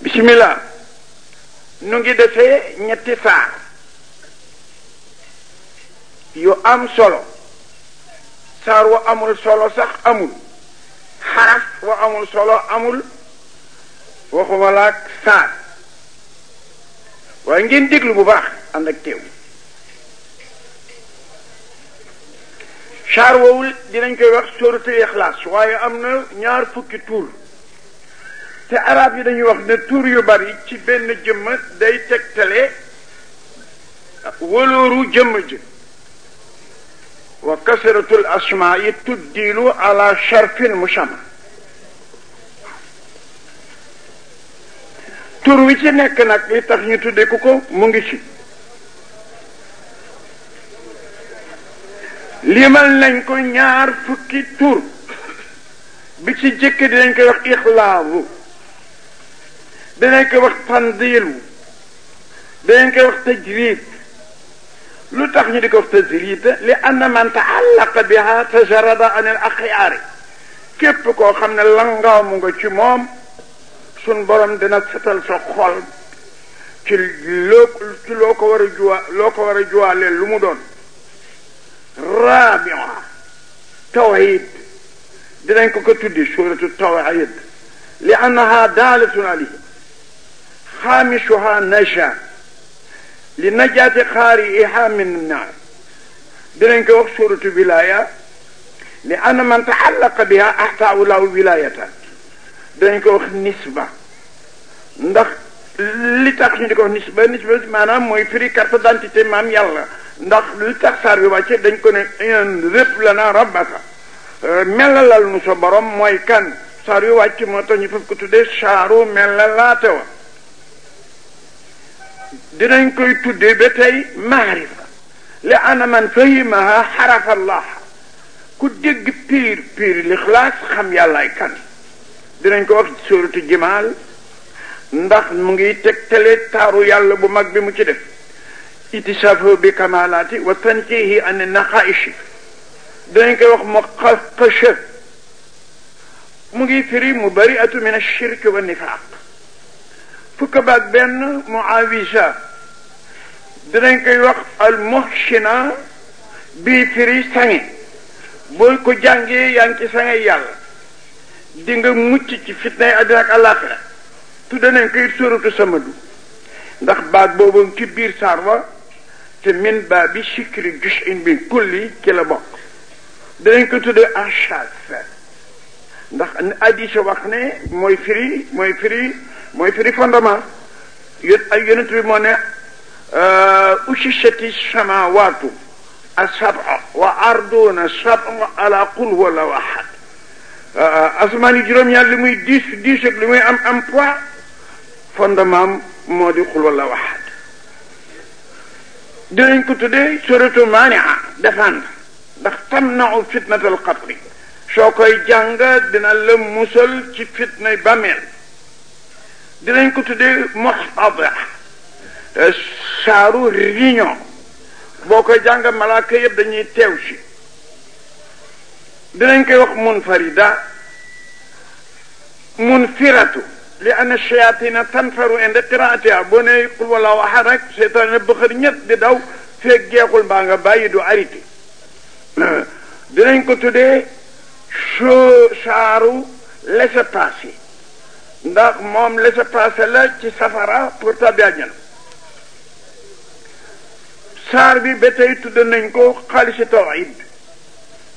bismillah nu ngi defee ñetti saar yu am solo saar wa amul solo sax amul xaraf wa amul solo amul waxumalaak saar waaye ngeen déglu bu baax ànd ak teew saar woowul dinañ koy wax sóoratul ixlaas waaye am na ñaar fukki tuul te arab yi dañuy wax ne tur yu bari ci benn jëmm day tegtale walóoru jëmm ji wa kasratul asmaa yi tuddilu ala sharfin musamma tur wi ci nekk nag li tax ñu tuddee ku ko mu ngi ci limal nañ ko ñaar fukki tur bi ci jëkk dinañ koy wax ixlaabu danañ ko wax tanzilu danañ ko wax tajrid lu tax ñu di ko wax tajrid li man taallaqa biha tajarada an al axyaari képp koo xam ne langaaw mu nga ci sun borom dina setal sa xol ci ci loo war a juwa loo war a juwaaleel lu mu doon rabia tawhid dinañ ko ko tuddi suratu tawhid li annaha daalatun alayhi خامسها نجا li najaati xaari'ihaa min naar dinañ ko wax suuratu wilaaya li anna man taxallaqa biha axtaawu laahu wilaayata dinañ ko wax nisba ndax li tax ñu di ko wax nisba nisba mooy firi carte d'identité maam yàlla ndax li tax saar bi wàcce dañ ko ne in rëbb lanaa rabbaka euh, melalal nu sa mooy kan saar yu wàcc moo tax ñu faf ko tuddee saaru melalaate wa dinañ koy tuddee ba tey maarifa li ana man fahimaha xarafa allah ku dégg piir piir lixlaas xam yàllaay kan dinañ ko wax suuratu jimaal ndax mu ngi tegtale taaru yàlla bu mag bi mu ci def itisafo bi kamalaati wa tankihi an naqaishi dinañ koy wax mu xaqasha mu ngi firi mu bariatu min ashirk wa nifaq fukk baag benn muawisa dinañ koy wax al muhsina bii firi sange boo ko jàngee yaa ngi ci sange yàlla di nga mucc ci fitnay àddina ak àllaaxira tudde nañ koy suratu samadu ndax baat boobu ci biir saar wa te min baa bi sikri jus in bi kulli ci la bokk dinañ ko tudde achaf ndax addisa wax ne mooy firi mooy firi moy firi fondement yén ay yonent bi mo ne euh ushishati samawati asaba wa arduna saba ala qul wala ahad asmaan yi jurom naar li muy 10 10 ak li muy am am poids fondement modi qul wa la wahad dinañ ko tudé suratu mani'a dafan ndax tamnau fitnat al sokoy jàng dina le musul ci fitnay bamel dinañ ko tuddee muhtadira saaru réunion boo koy jàng malaaka yëpp dañuy teew ci dinañ koy wax munfarida munfiratu li ana shayatina tanfaru inda qiraatiha boo ne qul wallahu ahad rek seytaane bëxër ñett di daw feeg geexul mbaa nga bàyyi du arité dinañ ko tuddee saaru laissez-passer ndax mom la passer la ci safara pour tabi sar bi ba tudde tudd nañ ko xaalisi tawhid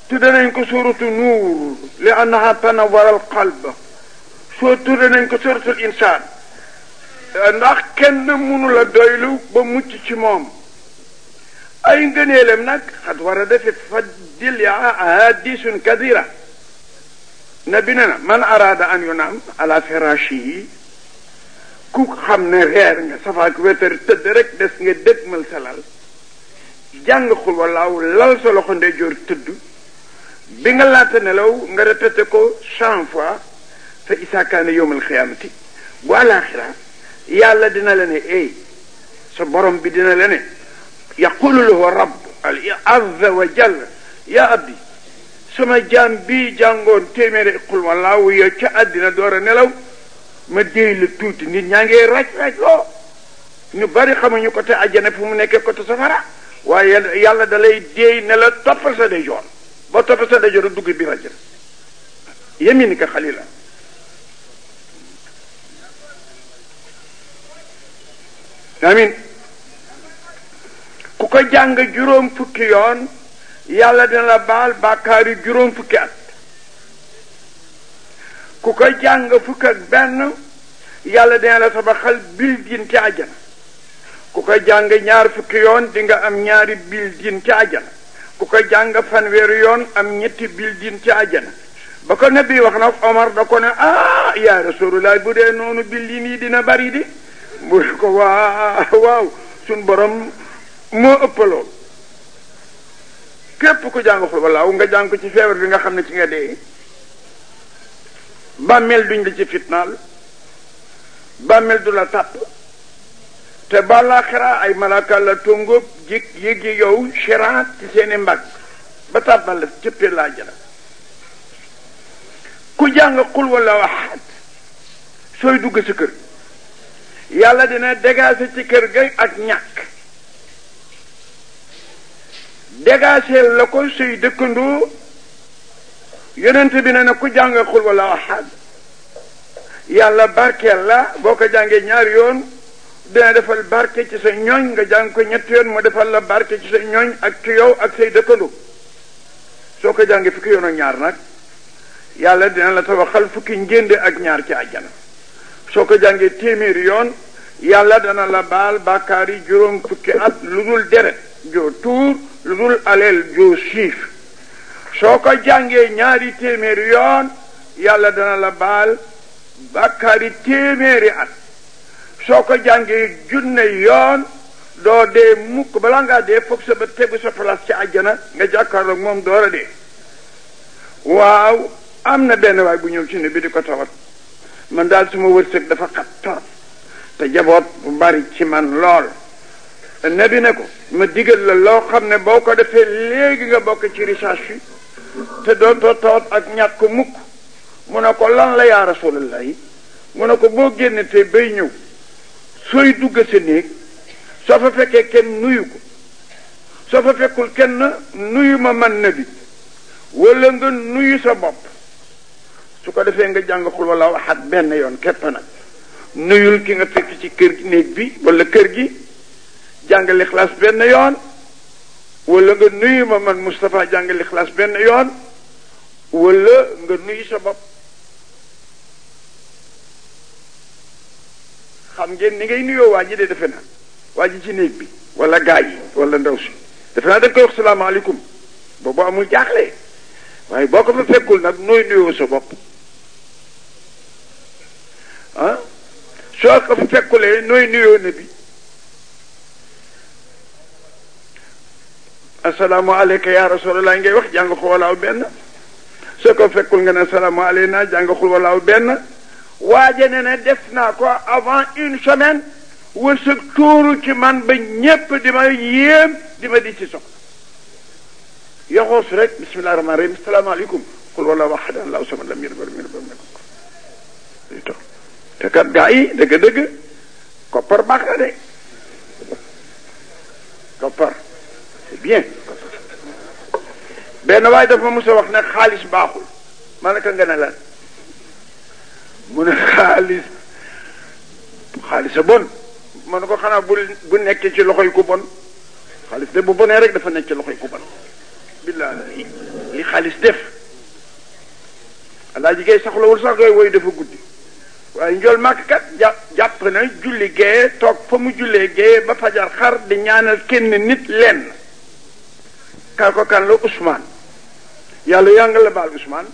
tudde nañ ko suratu nur li annaha tanawara al qalb soo tudd nañ ko suratu insan ndax kenn munu la doylu ba mucc ci mom ay ngëneelam nak khat wara def fadil ya ahadith kadira نبينا من أراد أن ينام على فراشه كوك خامن غير صفا كويتر تدرك دس نجد دك مل سلال جان خلو الله لال سلوخن دي جور تدو بين الله تنلو نغرتتكو شان فوا فإسا كان يوم الخيامة والآخرة يا الله دينا لني أي سبرم بدينا لني يقول له رب عز وجل يا أبي sama jaam bi jàngoon téeméeri xul wallaahu yow ca àddina door a nelaw ma déy la tuuti nit ñaa ngi raj raj loo ñu bari xamuñu ko te àjjana fu mu nekkee ko te safara waaye yàlla da déy ne la toppal sa dejoon boo toppal sa dejoon dugg biir àjjana yaminika xalila amin ku ko jàng juróom fukki yoon yàlla dina la baal bàkkaari juróom fukki at ku ko jàng fukk ak benn yàlla dina la sabaxal bil din ci àjjana ku ko jàng ñaar fukki yoon di am ñaari bil din ci àjjana ku ko jàng fanweer yoon am ñetti bil din ci àjjana ba ko nabi wax nag Omar da ko ne ah yaa rasulullah bu dee noonu bil din yi dina bari di mu ko waaw suñ borom moo ëpp képp ku jàng xul walaaw nga jàng ko ci feebar bi nga xam ne ci nga dee bàmmeel duñ la ci fitnaal bàmmeel du la tàpp te balaaxira ay malaaka la tongóob jik yéegi yow siraat ci seeni mbagg ba tàbbal la cëppee laa jëla ku jàng xul wala waxaat sooy dugg sa kër yàlla dina dégaase ci kër ga ak ñàkk dégaaseel la ko suy dëkkandoo yonent bi ne na ku jàng xul wala ahad yàlla barkeel la boo ko jàngee ñaar yoon dina defal barke ci sa ñoñ nga jàng ko ñetti yoon mu defal la barke ci sa ñooñ ak ci yow ak say dëkkandoo soo ko jàngee fukki yoon ak ñaar nag yàlla dina la tabaxal fukki njënd ak ñaar ci àjjana soo ko jàngee téeméeri yoon yàlla dana la baal bàkkaar yi juróom fukki at lu dul deret joo tuur lu dul aleel joo siif soo ko jàngee ñaari téeméer yoon yàlla dana la baal bàkkaari téeméeri at soo ko jàngee junne yoon doo dee mukk balaa ngaa dee foog sa ba tegu sa place ci àjjana nga jàkkaarloog moom door a dee waaw am na benn waay bu ñëw ci ne bi di ko tawat man daal suma wërsëg dafa xat torop te jaboot bu bari ci man lool nabi na ko ma digal la loo xam ne boo ko defee léegi nga bokk ci richage fi te dootoo tawat ak ñàkk mukk mu ne ko lan la yaa rasulallah yi mu ko boo génne tey bay ñëw sooy dugg sa néeg soo fa fekkee kenn nuyu ko soo fa fekkul kenn nuyu ma man nabi wala nga nuyu sa bopp su ko defee nga jàng xul wala waxaat benn yoon képp nag nuyul ki nga fekk ci kër néeg bi walla kër gi jàngal ixlaas benn yoon wala nga nuyu ma man Moustapha jàngal ixlaas benn yoon wala nga nuyu sa bopp xam ngeen ni ngay nuyoo waa ji de defe naa waa ji ci néeg bi wala gaa yi wala ndaw si defe naa da nga koy wax salaamaaleykum boobu amul jaaxle waaye boo ko fa fekkul nag nooy nuyoo sa bopp ah soo ko fa fekkulee nooy nuyoo ne bi السلام عليك يا رسول الله نجي وقت جانغ خول أو بين سكو فكول نجي السلام علينا جانغ خول أو بين واجن أنا دفنا كو أفان إن شمن وسكتور كمان بنيب دما يم دما دي تسوك يا خسرت بسم الله الرحمن الرحيم السلام عليكم قل والله واحد لا أسمى لم يربر من ربر منكم تكاد جاي دك دك كبر بقى ده كبر bien benn waaye dafa mos a wax ne xaalis baaxul ma ne ko nga ne lan mu ne xaalis xaalis a bon ma ne ko xanaa bu bu nekkee ci loxoy ku bon xaalis de bu bonee rek dafa nekk ci loxoy ku bon billaahi li xaalis def alaaji gay soxlawul sax koy woy dafa guddi waaye njool màkk kat jàpp na julli gee toog fa mu jullee gee ba fajar xar di ñaanal kenn nit lenn kal ko kan la Ousmane yàlla yaa la baal Ousmane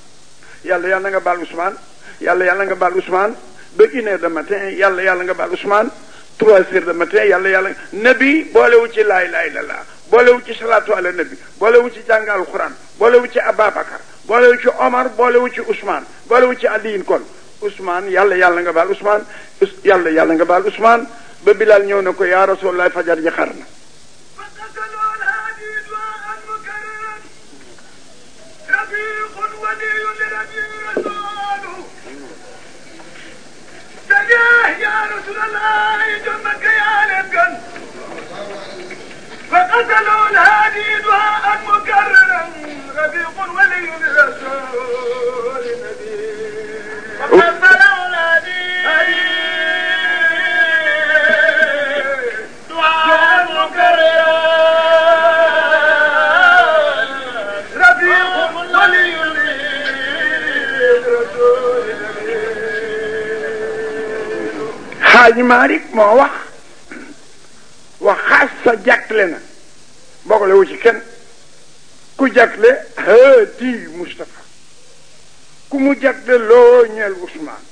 yàlla yaa na nga baal Ousmane yàlla yàlla nga baal Ousmane ba une heure de matin yàlla yàlla nga baal Ousmane trois heures de matin yàlla yàlla nabi boolewu ci laay laa ilaaha illallaah boolewu ci salaatu ala nabi boolewu ci jàng alxuraan boolewu ci Ababacar boolewu ci Omar boolewu ci Ousmane boolewu ci Aliyin kon Ousmane yàlla yàlla nga baal Ousmane yàlla yàlla nga baal Ousmane ba Bilal ñëw na ko yaa Rasulallah fajar ji xar na يا رسول الله Xaaji Maalik moo wax wax xaas sa jàkkle na bokkale wu ci kenn ku jàkkle haadi Moustapha ku mu jàkkle loo ñeel Ousmane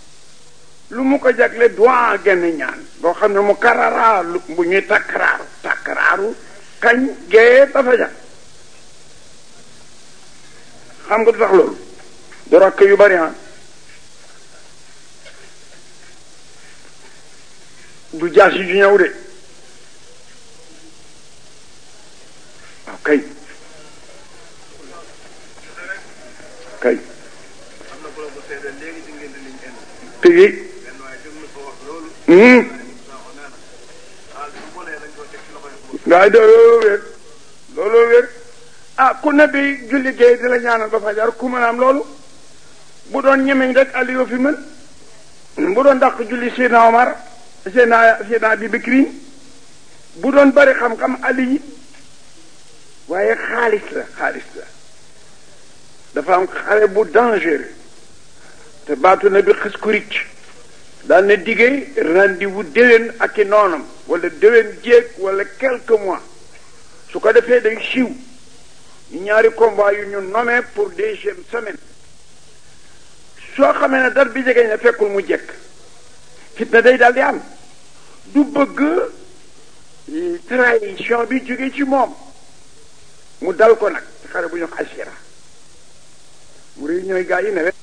lu mu ko jàkkle doit gën a xam ne mu kararaa bu ñuy takkaraaru takkaraaru kañ gee dafa jàkk xam nga du tax loolu du rakk yu bari ah. du jaas yi ju de waaw kay kay tegi hmm? waaye de looloo wér looloo wér ah ku ne julli géey di la ñaanal ba fajar ku mën loolu bu doon ñemeñ rek Aliou mën bu doon dàq julli Seydina Omar Seydina Seydina bi Bikrin bu doon bari xam-xam Ali yi waaye xaalis la xaalis la dafa am xale bu dangereux te baatu na bi xës kurit daan na diggee rendez-vous ak i noonam wala déwén jéeg wala quelques mois su ko defee day siiw ñu ñaari combat yu ñu nommé pour deuxième semaine soo xamee ne date bi jege na fekkul mu jekk fitna day daal di am du bëgg euh, trahison bi jóge ci moom mu dal ko nag xare bu ñu asira mu réunion yi gaa yi